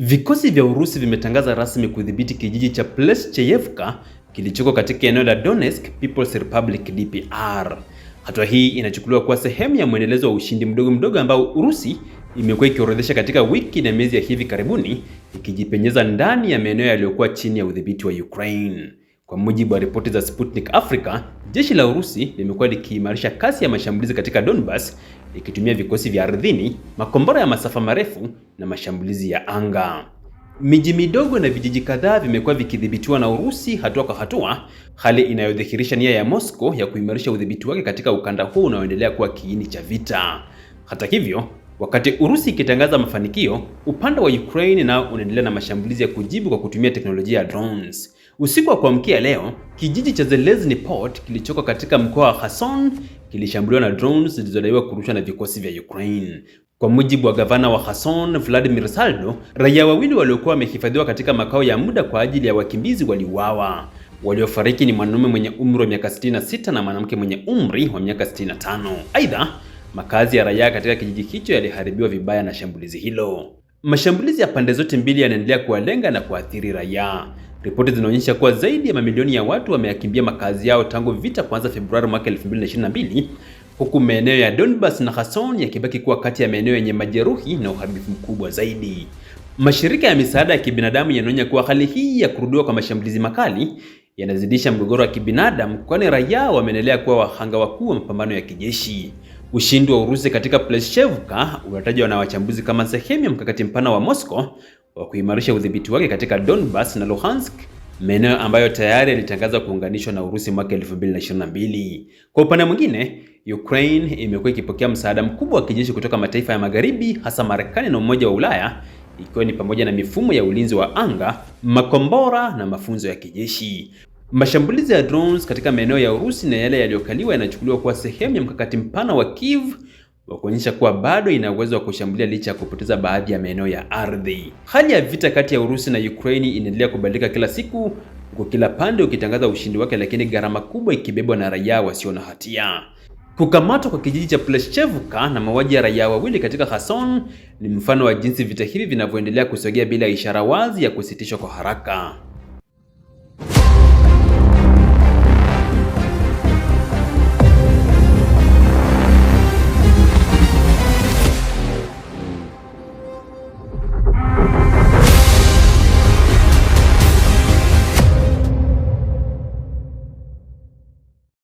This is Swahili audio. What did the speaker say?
Vikosi vya Urusi vimetangaza rasmi kudhibiti kijiji cha Plescheyevka kilichoko katika eneo la Donetsk People's Republic DPR. Hatua hii inachukuliwa kuwa sehemu ya mwendelezo wa ushindi mdogo mdogo ambao Urusi imekuwa ikiorodhesha katika wiki na miezi ya hivi karibuni, ikijipenyeza ndani ya maeneo yaliyokuwa chini ya udhibiti wa Ukraine. Kwa mujibu wa ripoti za Sputnik Africa, jeshi la Urusi limekuwa likiimarisha kasi ya mashambulizi katika Donbas ikitumia vikosi vya ardhini, makombora ya masafa marefu na mashambulizi ya anga. Miji midogo na vijiji kadhaa vimekuwa vikidhibitiwa na Urusi hatua kwa hatua, hali inayodhihirisha nia ya Moscow ya kuimarisha udhibiti wake katika ukanda huu unaoendelea kuwa kiini cha vita. Hata hivyo, wakati Urusi ikitangaza mafanikio, upande wa Ukraine nao unaendelea na mashambulizi ya kujibu kwa kutumia teknolojia ya drones. Usiku wa kuamkia leo, kijiji cha Zelezni Port kilichoko katika mkoa wa Kherson kilishambuliwa na drones zilizodaiwa kurushwa na vikosi vya Ukraine. Kwa mujibu wa gavana wa Kherson, Vladimir Saldo, raia wawili waliokuwa wamehifadhiwa katika makao ya muda kwa ajili ya wakimbizi waliuawa. Waliofariki ni mwanamume mwenye umri wa miaka 66 na mwanamke mwenye umri wa miaka 65. Aidha, makazi ya raia katika kijiji hicho yaliharibiwa vibaya na shambulizi hilo. Mashambulizi ya pande zote mbili yanaendelea kuwalenga na kuathiri raia. Ripoti zinaonyesha kuwa zaidi ya mamilioni ya watu wameyakimbia makazi yao tangu vita kuanza Februari mwaka 2022, huku maeneo ya Donbas na Kherson yakibaki kuwa kati ya maeneo yenye majeruhi na uharibifu mkubwa zaidi. Mashirika ya misaada ya kibinadamu yanaonya kuwa hali hii ya kurudiwa kwa mashambulizi makali yanazidisha mgogoro wa kibinadamu, kwani raia wameendelea kuwa wahanga wakuu wa mapambano ya kijeshi. Ushindi wa Urusi katika Pleshchevka unatajwa na wachambuzi kama sehemu ya mkakati mpana wa Moscow wa kuimarisha udhibiti wake katika Donbas na Luhansk, maeneo ambayo tayari yalitangaza kuunganishwa na Urusi mwaka 2022. Kwa upande mwingine, Ukraine imekuwa ikipokea msaada mkubwa wa kijeshi kutoka mataifa ya Magharibi, hasa Marekani na Umoja wa Ulaya, ikiwa ni pamoja na mifumo ya ulinzi wa anga, makombora na mafunzo ya kijeshi. Mashambulizi ya drones katika maeneo ya Urusi na yale yaliyokaliwa yanachukuliwa kuwa sehemu ya mkakati mpana wa Kiev wa kuonyesha kuwa bado ina uwezo wa kushambulia licha ya kupoteza baadhi ya maeneo ya ardhi. Hali ya vita kati ya Urusi na Ukraini inaendelea kubadilika kila siku, huku kila pande ukitangaza ushindi wake, lakini gharama kubwa ikibebwa na raia wasio na hatia. Kukamatwa kwa kijiji cha Pleshchevka na mauaji ya raia wawili katika Kherson ni mfano wa jinsi vita hivi vinavyoendelea kusogea bila ishara wazi ya kusitishwa kwa haraka.